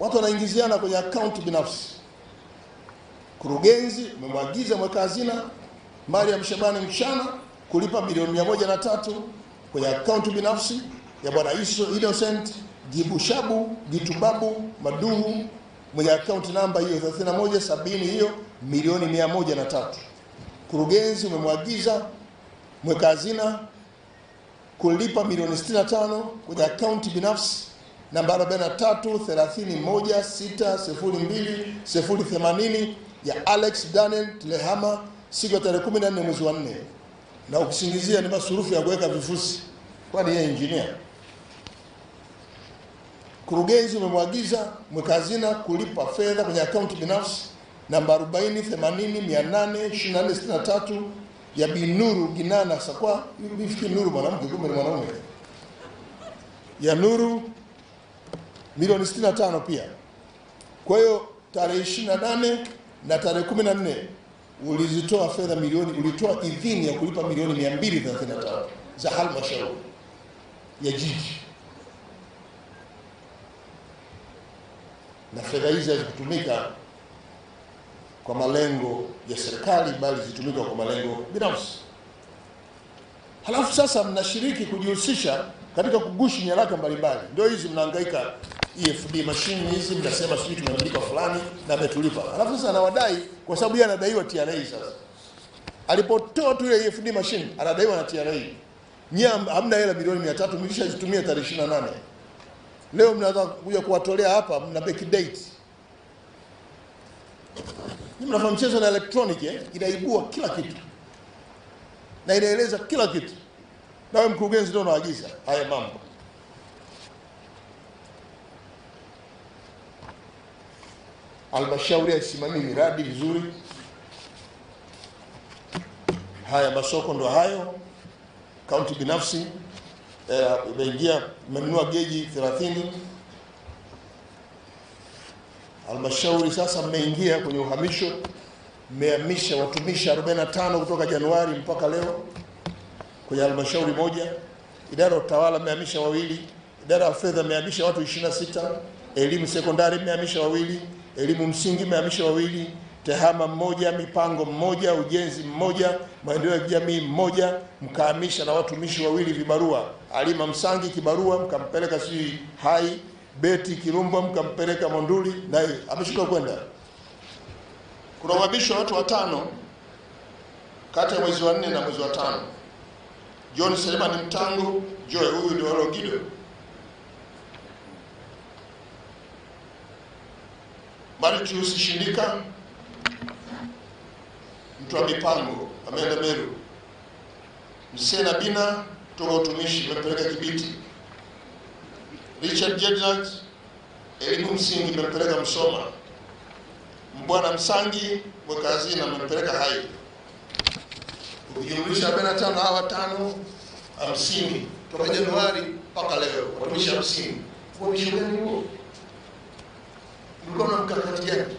watu wanaingiziana kwenye akaunti binafsi. Kurugenzi umemwagiza mweka hazina Mariam Shabani Mchana kulipa milioni mia moja na tatu kwenye akaunti binafsi ya bwana Innocent Jibushabu Jitubabu Maduhu mwenye akaunti namba hiyo 3170 hiyo milioni mia moja na tatu. Kurugenzi umemwagiza mweka hazina kulipa milioni 65 kwenye akaunti binafsi namba 4331602080 ya Alex Daniel Tlehama siku ya tarehe 14 mwezi wa 4, na ukisingizia ni masurufu ya kuweka vifusi, kwani yeye engineer kurugenzi umemwagiza mweka hazina kulipa fedha kwenye akaunti binafsi namba 408082463 ya Binuru Ginana Sakwa, hivi Nuru mwanamke kumbe ni mwanaume, ya Nuru milioni 65 pia. Kwa hiyo tarehe 28 na tarehe 14 ulizitoa fedha milioni, ulitoa idhini ya kulipa milioni 235 za halmashauri ya jiji, na fedha hizi hazikutumika kwa malengo ya serikali, bali zitumika kwa malengo binafsi. Halafu sasa mnashiriki kujihusisha katika kugushi nyaraka mbalimbali, ndio hizi mnahangaika EFD machine hizi, mnasema sisi tumemlipa fulani na ametulipa, alafu sasa anawadai kwa sababu yeye anadaiwa TRA. Sasa alipotoa tu ile EFD machine anadaiwa na TRA, nyie hamna hela milioni 300 mlishazitumia tarehe 28. Leo mnaanza kuja kuwatolea hapa, mna back date. Mnafanya mchezo na electronic eh? Inaibua kila kitu na inaeleza kila kitu, wewe mkurugenzi ndio unaagiza haya mambo. halmashauri haisimamii miradi vizuri. Haya, masoko ndo hayo. Kaunti binafsi eh, imeingia eh, imenunua geji 30. Halmashauri sasa mmeingia kwenye uhamisho, mmehamisha watumishi 45 kutoka Januari mpaka leo kwenye halmashauri moja. Idara ya utawala mmehamisha wawili, idara ya fedha mmehamisha watu 26, elimu sekondari mmehamisha wawili elimu msingi mehamisho wawili, tehama mmoja, mipango mmoja, ujenzi mmoja, maendeleo ya jamii mmoja, mkahamisha na watumishi wawili vibarua, alima Msangi kibarua, mkampeleka si hai Beti Kirumbwa, mkampeleka Monduli, na ameshuka kwenda kuna kurogabishwa watu watano kati ya mwezi wa nne na mwezi wa tano. John Selemani Mtango Joe, huyu ndio Ologido Martius Shindika, mtu wa mipango ameenda Meru. Msena Bina toka utumishi amepeleka Kibiti. Richard Jednat, elimu msingi amepeleka Msoma. Mbwana Msangi mweka hazina amepeleka Hai. Ukijumlisha tano hawa tano hamsini toka Januari mpaka leo watumishi hamsini. Kwa mshindani huo mwanamke akati yetu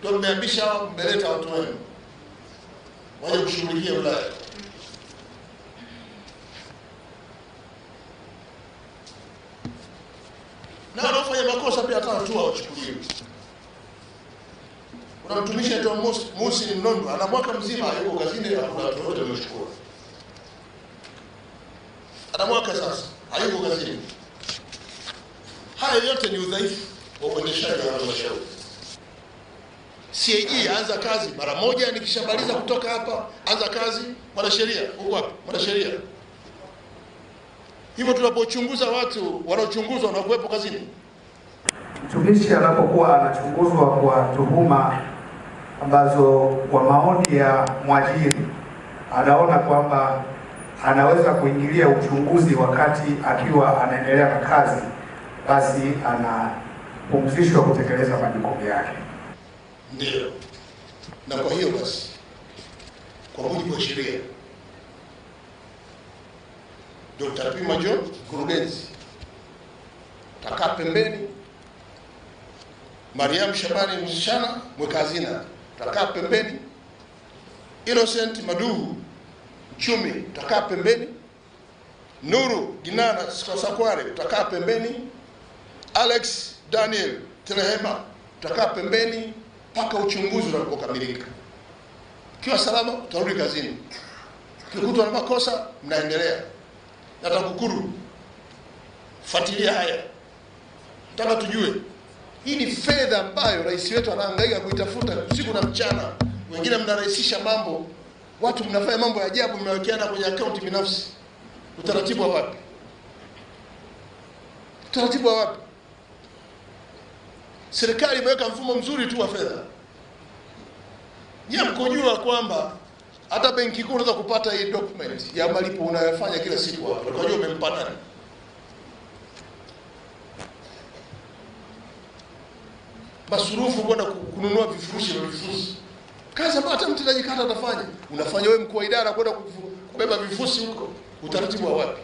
ndio mmeambisha mmeleta watu wenu waje kushughulikia wilaya na wanaofanya makosa pia hata hatua wachukuliwe. Kuna mtumishi aitwa Musi Mnondo, ana mwaka mzima yuko kazini, hakuna watu wote wameshukua Ana mwaka sasa hayuko kazini. Haya yote ni udhaifu uendeshaji wa halmashauri. CAG anza kazi mara moja, nikishamaliza kutoka hapa anza kazi. Mwanasheria uko wapi? Mwanasheria hivyo, tunapochunguza watu wanaochunguzwa wanakuwepo kazini. Mtumishi anapokuwa anachunguzwa kwa tuhuma ambazo kwa maoni ya mwajiri anaona kwamba anaweza kuingilia uchunguzi wakati akiwa anaendelea na kazi, basi ana pumzisho kutekeleza majukumu yake. Ndio, na kwa hiyo basi, kwa mujibu wa sheria, Dr. Pima John mkurugenzi, takaa pembeni. Mariam Shabani msichana mweka hazina, takaa pembeni. Innocent Maduhu mchumi, takaa pembeni. Nuru Ginana Sakware, takaa pembeni. Alex Daniel Terehema, tutakaa pembeni mpaka uchunguzi utakapokamilika. Ukiwa salama, utarudi kazini. Ukikutwa na makosa, mnaendelea na TAKUKURU. Fuatilia haya, nataka tujue hii ni fedha ambayo rais wetu anaangaika kuitafuta usiku na mchana. Wengine mnarahisisha mambo, watu mnafanya mambo ya ajabu, mmewekeana kwenye akaunti binafsi. Utaratibu wa wapi? Utaratibu wa wapi? serikali imeweka mfumo mzuri tu wa fedha. Nyie mkojua kwamba hata benki kuu unaweza kupata hii document ya malipo unayofanya kila siku hapo, kwa hiyo umempa nani. Masurufu kwenda kununua vifurushi na vifurushi, kazi ambayo hata mtendaji kata atafanya, unafanya wewe mkuu wa idara kwenda kubeba vifurushi huko. Utaratibu wa wapi?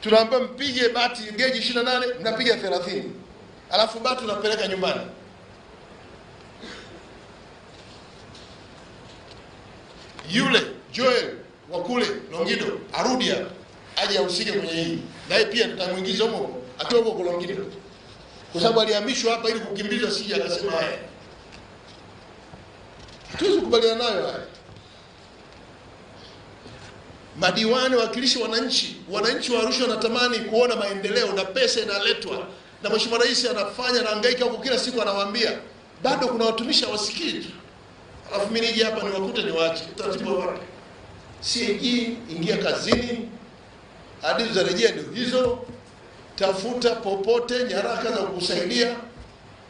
Tunaambia mpige bati geji 28 mnapiga 30 alafu bado tunapeleka nyumbani. Yule Joel wa kule Longido arudi hapa aje ahusike kwenye hii, naye pia tutamwingiza huko akiwa huko Longido, kwa sababu alihamishwa hapa ili kukimbizwa, sija akasema haya. Hatuwezi kukubaliana nayo haya. Madiwani, wawakilishi wananchi, wananchi wa Arusha wanatamani kuona maendeleo na pesa inaletwa na mheshimiwa rais anafanya na hangaika huko, kila siku anawaambia bado kuna watumishi hawasikii, alafu mimi nije hapa niwakute niwaache. Utaratibu wapi? cg ingia kazini, hadidu za rejea ndio hizo, tafuta popote nyaraka za kukusaidia,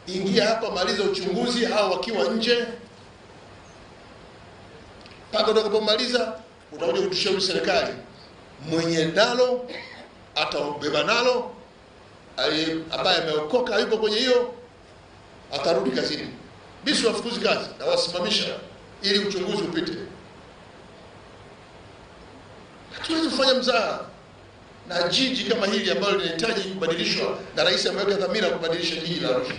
ingia hapa, maliza uchunguzi, au wakiwa nje mpaka utakapomaliza utakuja kutushauri serikali. Mwenye nalo ataubeba nalo ambaye ameokoka hayupo kwenye hiyo, atarudi kazini. Mimi siwafukuzi kazi, nawasimamisha ili uchunguzi upite. Hatuwezi kufanya mzaha na jiji kama hili ambalo linahitaji kubadilishwa, na rais ameweka dhamira kubadilisha jiji la Arusha.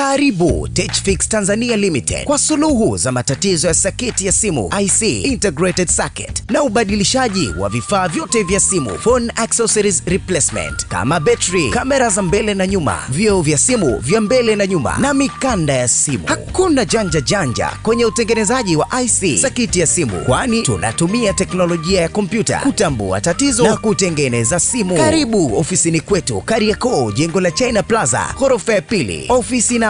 Karibu TechFix Tanzania Limited kwa suluhu za matatizo ya saketi ya simu, IC, integrated circuit na ubadilishaji wa vifaa vyote vya simu, phone accessories replacement kama battery, kamera za mbele na nyuma, vioo vya simu vya mbele na nyuma na mikanda ya simu. Hakuna janja janja kwenye utengenezaji wa IC, sakiti ya simu, kwani tunatumia teknolojia ya kompyuta kutambua tatizo na kutengeneza simu. Karibu ofisini kwetu Kariakoo, jengo la China Plaza, ghorofa ya pili, ofisi na